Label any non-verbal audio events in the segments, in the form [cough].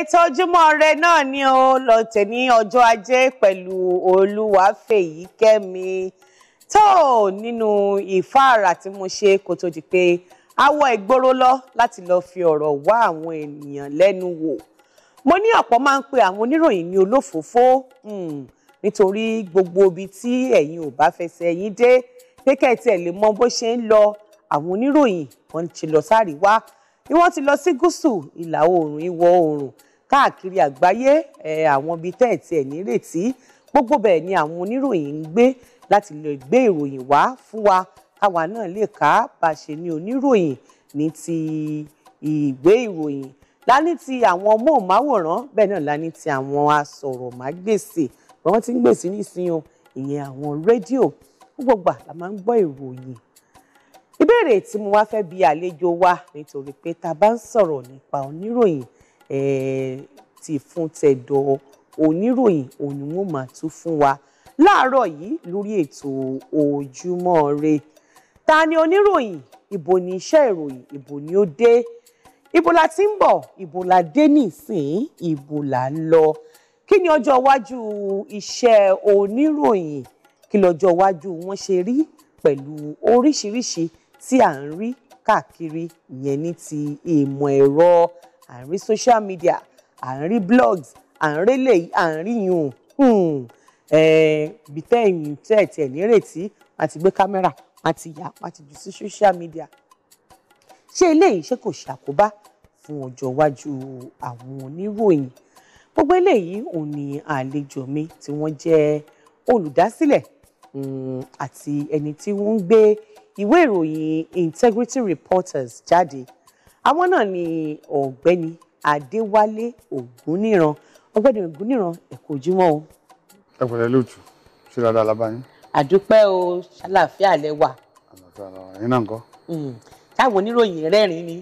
ètò ojúmọ́ ire náà ni ó lọ tẹ̀ ní ọjọ́ ajé pẹ̀lú Olúwafẹ́yìkẹ́mi tó nínú ìfáàrà tí mo ṣe kó tó di pé awọ ìgboro lọ láti lọ fi ọ̀rọ̀ wá àwọn ènìyàn lẹ́nu wò mo ní ọ̀pọ̀ máa ń pe àwọn oníròyìn ní olófòófó hmm, nítorí gbogbo ibi tí ẹ̀yin ò bá fẹsẹ̀ yín dé pé kẹ́ẹ̀tì ẹ̀ lè mọ bó ṣe ń lọ àwọn oníròyìn wọn ti lọ sáríwá ni wọ́n ti lọ sí gúúsù ìlà oòrùn ìwọ̀ oòrùn káàkiri àgbáyé àwọn ibi tẹ́ ẹ̀ tiẹ̀ nírètí gbogbo bẹ́ẹ̀ ni àwọn oníròyìn ń gbé láti lè gbé ìròyìn wá fún wa káwa náà lè ká bá a ṣe ní oníròyìn ní ti ìgbé ìròyìn láni ti àwọn móhùnmáwòrán bẹ́ẹ̀ náà láni ti àwọn asọ̀rọ̀mágbèsì wọ́n ti ń gbèsè nísìnyí o ìyẹn àwọn rédíò gbogbo gbà la máa ń gbọ́ ìròyìn ìbéèrè tí mo wá fẹ́ bi àlejò wa nítorí pé tá bá ń sọ̀rọ̀ nípa oníròyìn ti fún tẹ̀dọ̀ oníròyìn òun ni wọ́n máa tún fún wa láàárọ̀ yìí lórí ètò Ojúmọ́ Ire ta ni oníròyìn ibo ni iṣẹ́ ìròyìn ibo ni ó dé ibo la ti ń bọ̀ ibo la dé nísìn ibo la ń lọ kí ni ọjọ́ iwájú iṣẹ́ oníròyìn kí lọ́jọ́ iwájú wọn ṣe rí pẹ̀lú oríṣiríṣi tí à ń rí káàkiri ìyẹn ní ti ìmọ̀ ẹ̀rọ à ń rí social media à ń rí blogs à ń rí lèyí à ń rí yùn bí tẹ́yìn tẹ́ ẹ̀ tiẹ̀ nírètí wọn ti gbé kámẹ́rà wọn ti yà wọn ti jù sí social media ṣé eléyìí ṣé kò ṣàkóbá fún ọjọ́ iwájú àwọn oníròyìn gbogbo eléyìí òun ni àlejò mi tí wọ́n jẹ́ olùdásílẹ̀ hmm, àti ẹni tí wọ́n ń gbé ìwé ìròyìn Integrity Reporters jáde àwọn náà ni ọ̀gbẹ́ni Adéwálé Ògúnníran ọ̀gbẹ́ni Ògúnníran ẹ kú ojúmọ́ o. ẹ pẹ̀lẹ́ lóòtù ṣé dáadáa la àdúpẹ́ o àlàáfíà lẹ wà. àlàáfíà la wà yín náà ńkọ́. Hmm. táwọn oníròyìn rẹ́rìn-ín ni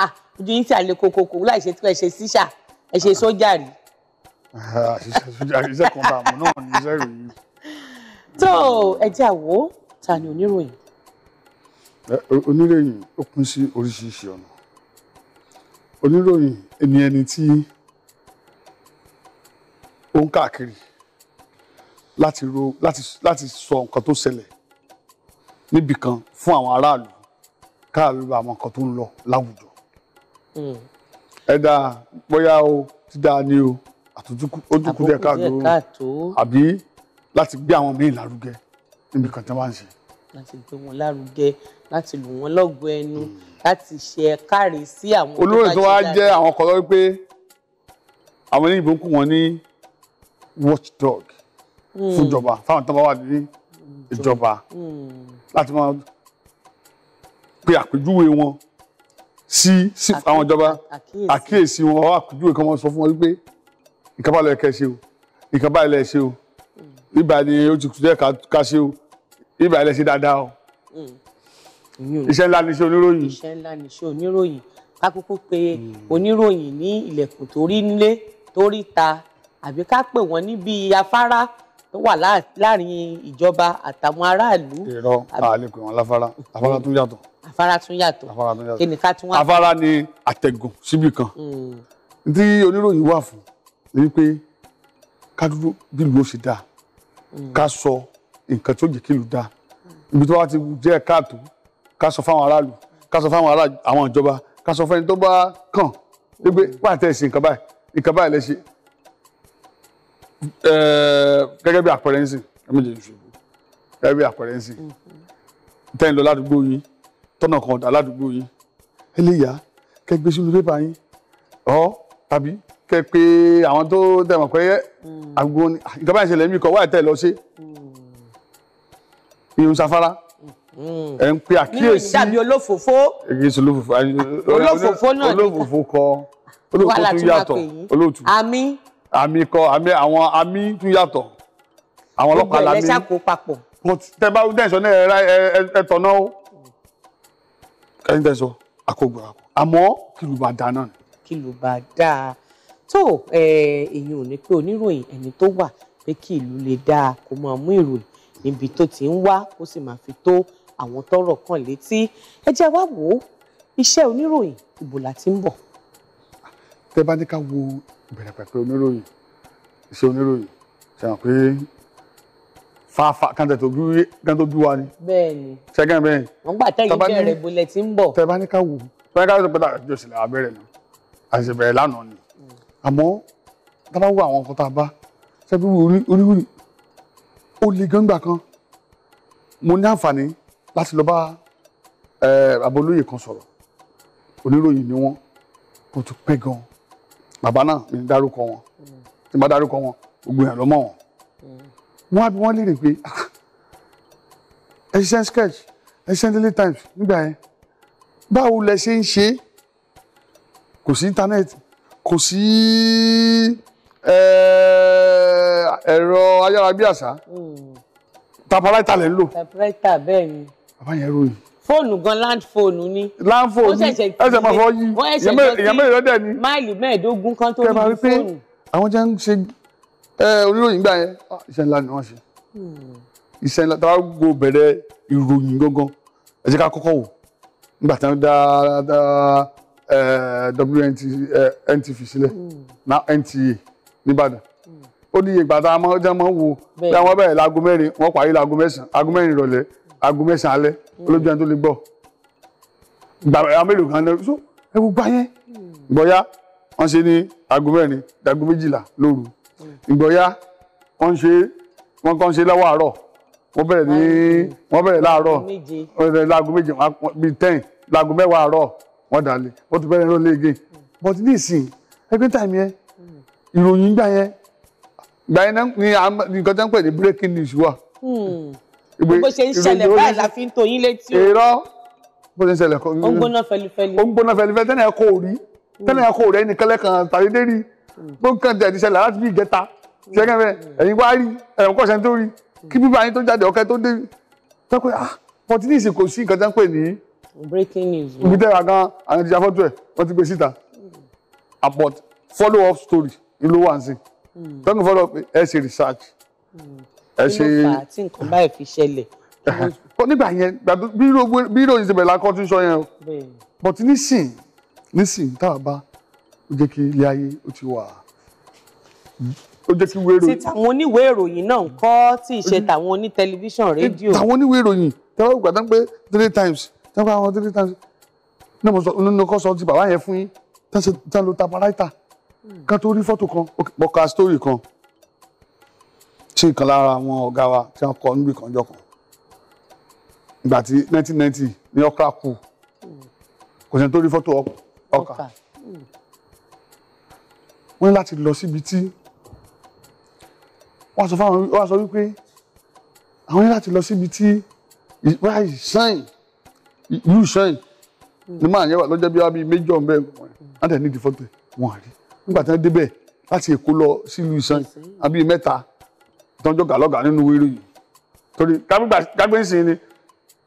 ah, ojú yín tí a lè kokoko láì ṣe tí ẹ ṣe síṣà ẹ ṣe sójà rí. [laughs] àṣìṣe sójà rí iṣẹ́ náà ní iṣẹ́ ìròyìn. tó ẹ jẹ́ ta ni oníròyìn. oníròyìn ó pín sí oríṣiríṣi ọ̀nà oníròyìn ẹni ẹni tí ó ń káàkiri láti ro láti láti sọ nǹkan tó ṣẹlẹ̀ níbì kan fún àwọn aráàlú káàlú bá àwọn nǹkan tó ń lọ láwùjọ. Hmm. ẹ̀dá bóyá o ti dáa ni o àtúntò díẹ̀ káàtó àbí láti gbé àwọn míì lárugẹ níbì kan tí wọ́n bá ń ṣe láti gbé wọn lárugẹ láti lù wọn lọgọ ẹnu hmm. láti ṣe káre sí àwọn. olórí tó wá jẹ́ àwọn kan lọ́wọ́ pé àwọn oníyìnbó ń kú wọn ní watchdog hmm. fún ìjọba fáwọn tó bá wà ní hmm. ìjọba láti máa pe àpèjúwe wọn sí sí àwọn ìjọba àkíyèsí wọn wá àpèjúwe kan wọn sọ fún wọn wípé nǹkan bá ṣe o nǹkan ṣe o ibà ni ó ti kù díẹ̀ ká ṣe o ibà ilẹ̀ ṣe dáadáa o hmm. iṣẹ́ ńlá ni iṣẹ́ oníròyìn. iṣẹ́ ńlá ni iṣẹ́ oníròyìn ká kúkú pè oníròyìn ní ilẹ̀kùn tó rí nílé tó rí ta àbí ká pè wọ́n níbi afárá tó wà láàrin ìjọba àtàwọn aráàlú. irọ́ a lè afárá afárá tún yàtọ̀ afárá tún yàtọ̀ kí afárá ni àtẹ̀gùn síbì kan hmm. tí oníròyìn wà fún ni wípé ká dúró bí ìlú ó ṣe dáa hmm. ká sọ nǹkan tó jẹ́ kí ìlú dáa ibi tó bá ti jẹ́ káàtó ká sọ fáwọn aráàlú ká sọ fáwọn ará àwọn ìjọba ká sọ fẹ́ni tó bá kàn pé pàtẹ́ ẹ̀sìn nǹkan báyìí nǹkan báyìí lẹ́sẹ̀ gẹ́gẹ́ bí àpẹẹrẹ ń sìn ẹ̀mí jẹ́ ìṣòro gẹ́gẹ́ bí àpẹẹrẹ ń sìn tẹ́yìn lọ ládùúgbò yín tọ́nà kan ọ̀dà ládùúgbò yín eléyà kẹ́ gbé sínú pépà yín ọ́ tàbí kẹ́ pé àwọn tó dẹ̀mọ̀ pé àgbo nǹkan báyìí ṣẹlẹ̀ mí kọ́ wáyé tẹ́ lọ ṣe hmm irun sáfárá mm-hmm. ẹ ń pe àkíyèsí mm, dàbí olófòfó èkìsí olófòfó [laughs] olófòfó náà olófòfó kọ olófòfó tún yàtọ̀ olóòtú àmì àmì kọ àmì àwọn àmì tún yàtọ̀ àwọn ọlọ́pàá làmì gbogbo ẹlẹ́sà kó papọ̀ mo tẹ bá tẹ̀sán náà ẹ tọ̀nà o ẹni tẹ̀sán àkógbò àkó àmọ́ kìlùbà dáná ni. kìlùbà dáa tó èyí ò ní pé oníròyìn ẹni tó wà pé kí ìlú lè dáa kó máa mú ìròyìn níbi tó ti ń wá kó sì máa fi tó àwọn tọ́rọ̀ kàn létí ẹ jẹ́ wá wò ó iṣẹ́ oníròyìn ibo la ti ń bọ̀. tẹ bá ní ká wo ìbẹ̀rẹ̀ pẹ̀pẹ̀ oníròyìn iṣẹ́ oníròyìn ṣe hàn pé fàáfà kàńtẹ̀ tó gbé kàńtẹ̀ tó gbé wa ni. bẹ́ẹ̀ni ṣẹgán bẹ́ẹ̀ni. wọn gbà tẹyìn bẹ̀rẹ̀ bolẹ ti ń bọ̀. tẹ bá ní ká wo tẹ bá ní ká wo pẹ̀lú àjọ ìṣẹ̀lẹ̀ abẹ́rẹ́ náà àṣìṣe lánàá ni mm. àmọ́ tá bá wo àwọn nǹkan bá ṣe bí orí ó le gangba kan mo ní àǹfààní láti lọ bá abolóye kan sọ̀rọ̀ oníròyìn ni wọ́n kò tún pẹ́ gan bàbá náà mi dárúkọ wọn tí mo bá dárúkọ wọn gbogbo èèyàn ló mọ̀ wọn. wọ́n á bí wọ́n pé ah, ẹ sketch ẹ daily times nígbà yẹn báwo lẹ ṣe ń ṣe kò sí íńtánẹ́ẹ̀tì kò sí. Si Eh, ẹ̀rọ ayárabíàṣá hmm. taparaita lẹ ń lò. taparaita bẹ́ẹ̀ ni. bàbá yẹn ròyìn. fóònù gan land fóònù ni. land fóònù ẹsẹ̀ máa fọ yí èèyàn mẹ́rin lọ́dẹ̀ ni. máìlì mẹ́ẹ̀ẹ́dógún kan tó ní fóònù. àwọn jẹ́ ń ṣe oníròyìn gbà yẹn ah, iṣẹ́ ńlá ni wọ́n ṣe. Hmm. iṣẹ́ ńlá táwa gbó bẹ̀rẹ̀ ìròyìn gangan ẹ jẹ́ ká kọ́kọ́ wò nígbà tí wọ́n dá eh, WNTV eh, sílẹ̀ hmm. now NTA nìbàdàn ó ní ìgbà tá a mọ ọjọ́ mọ́ wo bí àwọn bẹ̀rẹ̀ láago mẹ́rin wọ́n parí láago mẹ́sàn-án aago mẹ́rin ìrọ̀lẹ́ aago mẹ́sàn-án alẹ́ hmm. olójú ẹni tó lè gbọ́ gbàgbà mélòó kan lẹ́rú so ẹ wo gbá yẹn hmm. gbọ́yá wọ́n ṣe ní aago mẹ́rin dago méjìlá lóru hmm. ìgbọ́yá wọ́n ṣe wọ́n kàn ṣe lọ́wọ́ àárọ̀ wọ́n bẹ̀rẹ̀ ní wọ́n bẹ̀rẹ̀ láàárọ̀ láago méje bíi ten láago mẹ́wàá àárọ̀ wọ́n dàlẹ̀ wọ́n ìròyìn gbà yẹn gbà yẹn ni nǹkan tó ń pè ní breaking news wà. Hmm. bó ṣe ń ṣẹlẹ̀ báyìí la fi ń tó yín létí o. èrò bó ṣe ń ṣẹlẹ̀ kan. fẹlifẹli. ó fẹlifẹli tẹ́lẹ̀ ẹ̀ kò tẹ́lẹ̀ ẹ̀ kò rí hmm. kẹlẹ́ kan tàbí lérí hmm. tó ń kàn tẹ̀ ti ṣẹlẹ̀ láti bí ìjẹta ṣẹ́gẹ́ bẹ́ẹ̀ ẹ̀yin wá rí ẹ̀rọ rí kí ìlú wa ń sìn hmm. tọ́kùn fọ́lọ́ pé ẹ ṣe research hmm. ẹ ṣe. kí ló fà á tí nǹkan báyìí fi ṣẹlẹ̀. [laughs] nígbà yẹn bí ìròyìn ti bẹ̀rẹ̀ lakọ́ tún sọ yẹn o but nísìn nísìn tá a bá ó jẹ́ kí ilé ayé ó ti wà ó jẹ́ kí wé ìròyìn. ti tàwọn oníwèé ìròyìn náà kọ́ tí ì tàwọn oní tẹlifíṣàn rédíò. tàwọn oníwèé ìròyìn tẹ́wọ́ gbàdán pé three times tẹ́wọ́ àwọn three times náà mo sọ nínú kọ́ sọ ti bàbá yẹn fún yín tán ló tabaraita Hmm. ká tó rí fọ́tò kan mo ka story kan tí ìkan lára àwọn ọ̀gá wa tí wọ́n kọ níbi ìkànjọ kan ìgbà tí 1990 ní ọkà kù kò sẹ́ni tó rí fọ́tò ọkà hmm. wọ́n ní láti lọ síbi tí wọ́n sọ fáwọn wọ́n sọ wípé àwọn ní láti lọ síbi tí ìwà ìsàn ìlú ìsàn ní màá yẹn wà lọ́jọ́ bí wàá bí méjì ọ̀nbẹ́ wọn á tẹ̀ fọ́tò wọn àrí nígbà tí wọ́n débẹ̀ láti Èkó lọ sílùú Ìṣàn àbí mẹ́ta tọ́jọ́ gàlọ́gà nínú wíìrì yìí torí kágbé ń sìn ni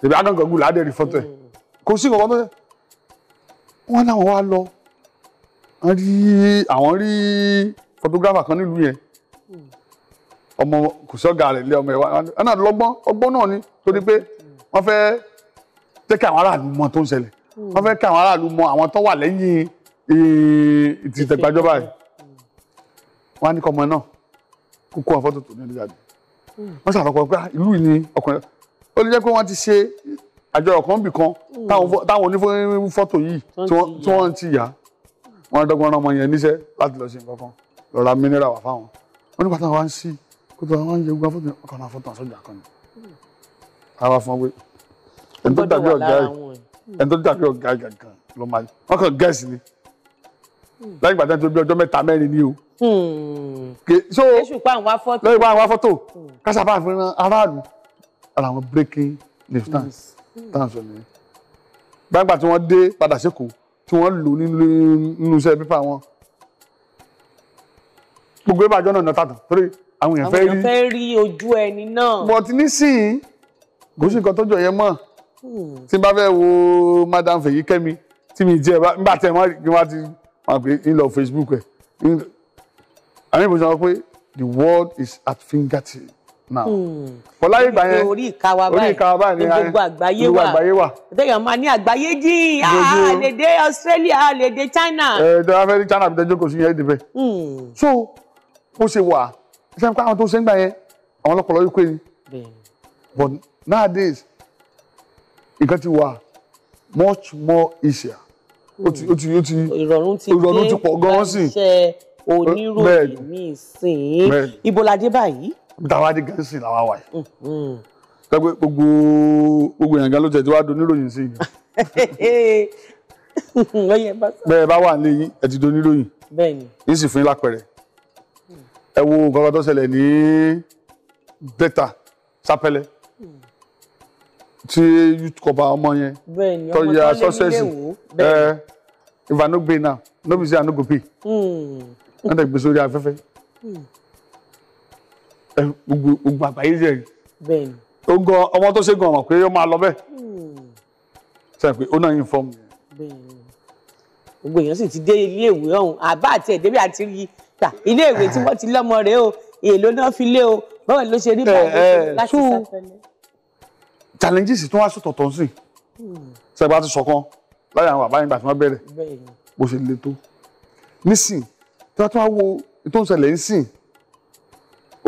tèmi agangangu làádẹ́ rí fọ́tọ̀ ẹ̀ kò sí nǹkan tó tẹ̀ wọ́n láwọn wá lọ wọ́n rí àwọn rí photographer kan nílùú yẹn ọmọ kò sọ́gà rẹ̀ lé ọmọ ẹ̀ wá ẹ̀ náà lọ́gbọ́n ọgbọ́n náà ni torí pé wọ́n fẹ́ jẹ́ àwọn aráàlú mọ tó ń ṣẹlẹ̀ wọ́n fẹ́ kí àwọn aráàlú mọ àwọn tó wà lẹ́yìn ti tẹ̀gbàjọba yìí wọ́n á ní kọ́mọ náà kó kó àwọn fọ́tò tó ní ìdíjáde wọ́n ṣàfọ̀kọ́ pé ah, ìlú yìí ni ọkùnrin ó lè jẹ́ pé wọ́n ti ṣe àjọyọ̀ kan bì kan táwọn onífọ́tò yìí tí wọ́n ti yà wọ́n dọ́gbọ́n rán ọmọ yẹn níṣẹ́ láti lọ ṣe nǹkan kan lọ ra mínírà wà fáwọn wọ́n nípa táwọn wá ń sí kó tó àwọn yẹ gbọ́n fọ́tò ọkàn náà fọ́tò kan ni àwa fún ni lẹ́yìn ìgbà tí wọ́n ti bí ọjọ́ mẹ́ta mẹ́rin ni o. Hmm. so lẹ́yìn pa àwọn afọ́tò kásáfà fi ran aráàlú ara àwọn breaking news times times ọ̀nà yẹn. gbàgbà tí wọ́n dé padà sékòó tí wọ́n lò nínú iṣẹ́ pípa wọn. gbogbo ìbàjọ́ náà nàta tán torí àwọn èèyàn fẹ́ rí àwọn èèyàn fẹ́ rí ojú ẹni náà. but nísìnyí kò sí nǹkan tó jọ yẹn mọ́ hmm. tí n bá fẹ́ wo madam Fèyíkẹ́mi tí mi jẹ́ nígbà tí ẹ wá ti wọn ah, pe Facebook ẹ àwọn ìbò sọ pé the world is at fingertip now. Hmm. Bọ́lá ìgbà yẹn orí ìkawa báyìí orí ìkawa báyìí ni gbogbo àgbáyé wà gbogbo àgbáyé wà. Àtẹ̀yàn máa ní àgbáyé jìn àlèdè ah, Australia àlèdè China. Eh, ẹ dọ́ra fẹ́ China àbí tẹ́jọ́ kò sí yẹn débẹ̀. Hmm. So ó ṣe wà ṣe ń pa àwọn tó ṣe ń gbà yẹn àwọn ọlọ́pọ̀lọ́ yóò pé ni. But nowadays nǹkan ti wà much more easier o ti o ti ó ti ìrọ̀rùn ti dé iṣẹ́ oníròyìn mi sìn ibo la dé báyìí. táwa dé gẹ̀ẹ́sì làwa wà yìí mm-hmm. gbogbo gbogbo èèyàn gan ló tẹ̀ tí wàá doníròyìn sí i. [laughs] bẹ́ẹ̀ bá wà nílé yín ẹ ti doníròyìn yín sì fún yín lápẹ̀rẹ̀ ẹ wo nǹkan kan tó ṣẹlẹ̀ ní bẹ́tà sápẹ́lẹ́ tí youth cover ọmọ yẹn tó yẹ success ẹ if i no pay now no be say i no go pay hmm. wọ́n tẹ̀ gbé sórí afẹ́fẹ́ hmm. gbogbo àgbáyé jẹ́ rí ó gan ọmọ tó ṣe gan ọmọ pé ó máa lọ bẹ́ẹ̀ sẹ́yìn hmm. pé ó náà yín fọ́ọ̀mù gbogbo èèyàn sì ti dé iléèwé ọ̀hún àbá àti ẹ̀dẹ́bí àti rí ta iléèwé tí wọ́n ti lọ́mọ rẹ̀ o èèlò náà fi lé o báwo ló ṣe rí báyìí láti sáfẹ́lẹ́ challenges tó wá sọ̀tọ̀tọ̀ sí sẹ́gbà ti sọ̀kan láyé àwọn bàbá yẹn gbà tí wọ́n bẹ̀rẹ̀ bó ṣe le tó nísìn tí wọ́n ti wá wo tó ń ṣẹlẹ̀ nísìn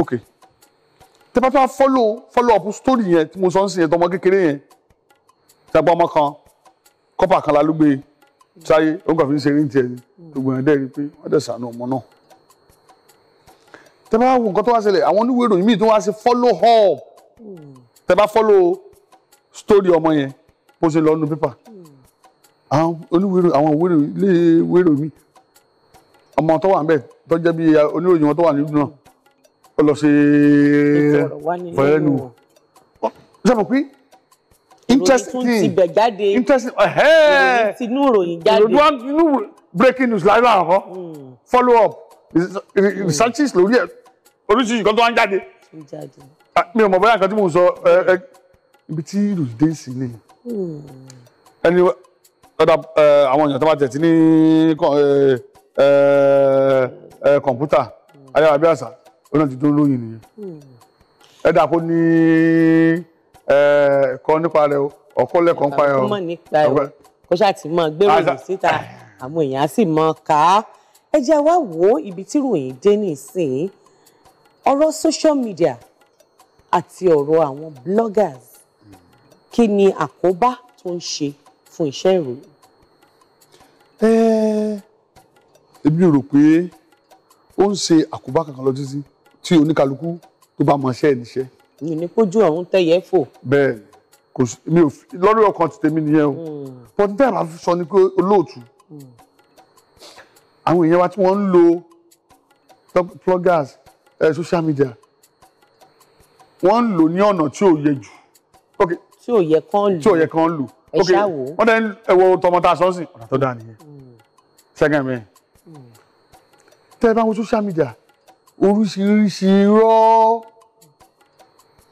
ok tí wọ́n ti wá follow follow up story yẹn tí mo sọ ń sìn yẹn tọmọ kékeré yẹn sẹ́gbà ọmọ kan kọ́pà kan la ló gbé sáyé ó ń kàn fi ń ṣe eré tiẹ̀ ni gbogbo yẹn dẹ́ rí i pé wọ́n dẹ̀ sànú ọmọ náà tẹ bá wo nǹkan tó wá ṣẹlẹ̀ àwọn oníwèé ìròyìn míì follow up tẹ bá follow story ọmọ yẹn bó ṣe lọ nu pépà àwọn oníwèrò àwọn wèrò ilé wèrò mi ọmọ tó wà ń bẹ tó jẹ́ bí oníròyìn wọn tó wà nílùú náà ó lọ ṣe fẹ́ẹ́nu sọmọ pé interesting interesting tinú ìròyìn jáde inú breaking news láyé láàárọ̀ hmm. follow up hmm. researches lórí ẹ̀ oríṣiríṣi kan tó wá ń jáde ah, mi ò mọ̀ bóyá nǹkan tí mò ń sọ ẹ ẹ ibi tí ìlú dé sí ni hmm. ẹni ọ̀dà àwọn èèyàn tó bá tẹ̀sí ní kọ̀ǹpútà hmm. ayárabíàṣá ó náà ti dún lóyìn nìyẹn hmm. ẹ̀dà kò ní ẹ̀kọ́ nípa rẹ̀ ọ̀kọ́ lẹ́kọ̀ọ́ nípa rẹ̀ ọ̀kọ́ kó ṣáà ti mọ gbèrò síta àwọn èèyàn á sì mọ ká ẹ jẹ́ wá wo ibi tí ròyìn dé nísìnyí ọ̀rọ̀ social media àti ọ̀rọ̀ àwọn bloggers kí ni àkóbá tó ń ṣe fún iṣẹ́ ìròyìn. èmi ò rò pé ó ń ṣe àkóbá kankan lọ títí tí oníkálukú tó bá mọ iṣẹ́ ẹ̀ mi ò ní kójú ọ̀hún tẹ̀yẹ́ fò. bẹ́ẹ̀ kò sí mi ò fi lọ́rọ̀ ọkàn ti tèmi nìyẹn o pọtun hmm. tẹ́lẹ̀ máa fi sọ ni pé olóòtú hmm. àwọn èèyàn wa tí wọ́n ń lo pluggers eh, social media wọ́n ń lò ní ọ̀nà tí ò yẹ jù okay tí ò yẹ kán lù tí ò yẹ kán lù ok wọ́n dẹ́ ẹ̀wọ̀ tọmọ tá a sọ sí ọ̀nà tó dáa nìyẹn hmm. second man hmm. tẹ́ ẹ bá wo social media oríṣiríṣi irọ́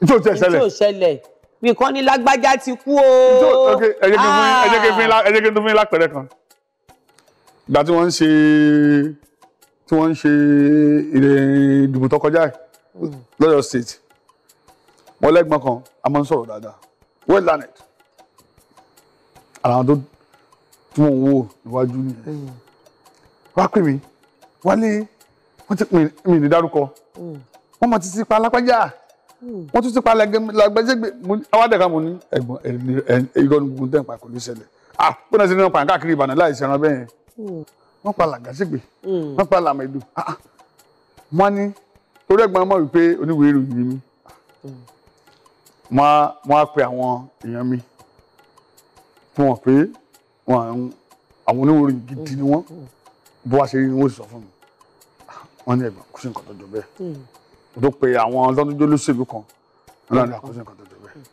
tí ò tẹ̀ ṣẹlẹ̀ tí ò ṣẹlẹ̀ mi kàn ní lágbájá ti kú o. ẹ jẹ́ kí n tún fún yín lápẹ̀rẹ̀ kan ìgbà tí wọ́n ń ṣe tí wọ́n ń ṣe ìdìbò tó kọjá ẹ̀ hmm. lọ́yọ̀ state wọ́n lẹ́gbọ́n kan a máa ń sọ̀rọ̀ dáadáa well done it ara àwọn tó tún òun wò níwájú nìyẹn mm. wá pè mí wálé wọ́n ti pin mi ní dárúkọ mm. wọ́n mọ̀ títí pa alápájá mm. wọ́n tún ti pa làgbẹ́jẹ́gbẹ́ awádẹ́ka mo ní ẹ̀gbọ́n ìrọ̀nù gbogbo tẹ̀ ń pa kò ní ṣẹlẹ̀ ah bó náà ṣe ní wọn pa káàkiri ìbànú láì ṣẹran bẹ́ẹ̀ wọ́n pa làgàṣègbè wọ́n pa làmẹ̀dù ah wọ́n ní torí ẹ̀gbọ́n mọ̀ wípé oníwèé ìròyìn mi wọ́n á pe àwọn èèyàn mi fún wọn pé àwọn oníwòrán gidi ni wọ́n bó wá ṣe rí ni wọ́n sọ fún mi wọ́n ní ẹ̀gbọ́n kò sí nǹkan tó jọ bẹ́ẹ̀ tó pe àwọn lọ́dúnjọ́ lóṣèlú kan wọ́n náà kò sí nǹkan tó jọ bẹ́ẹ̀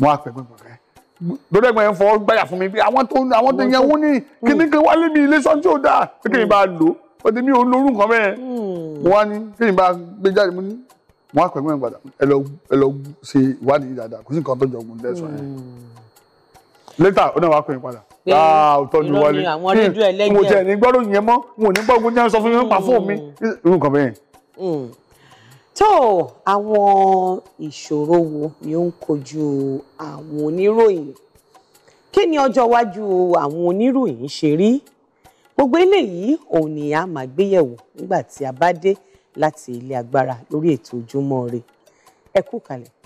wọ́n á pẹ́ gbẹ̀gbẹ̀ rẹ̀ lórí ẹ̀gbọ́n yẹn fọwọ́ gbàyà fún mi pé àwọn tó àwọn tó yẹn wọ́n ní kíní kan wálé mi ilé sọ́jú ò dáa pé kéèyàn bá lò ó ó ti mí òun lórúkọ bẹ́ẹ̀ wọ́n á ní kéèyàn bá gbé jáde mú ní wọn á pẹ̀lú ìgbàdà ẹ lọ ṣe ìwádìí dáadáa kò sí nǹkan tó jọ ogun lẹ́sọ̀ yẹn hmm. lẹ́tà ó náà wàá pè padà aa ah, òtọ́ ni wọlé kí n hmm, mo tẹ̀ ní gbọ́dọ̀ yẹn mọ́ n ò ní gbọ́ ogun jẹ́ sọ fún mi pa fóònù mi nǹkan bẹ́ẹ̀. Hmm. tó àwọn ìṣòro wo ni ó ń kojú àwọn oníròyìn kí ni ọjọ́ iwájú àwọn oníròyìn ṣe rí gbogbo eléyìí òun ni a máa gbéyẹ̀wò nígbà tí a bá dé láti ilé agbára lórí ètò ojúmọ́ ire ẹ kú kalẹ̀.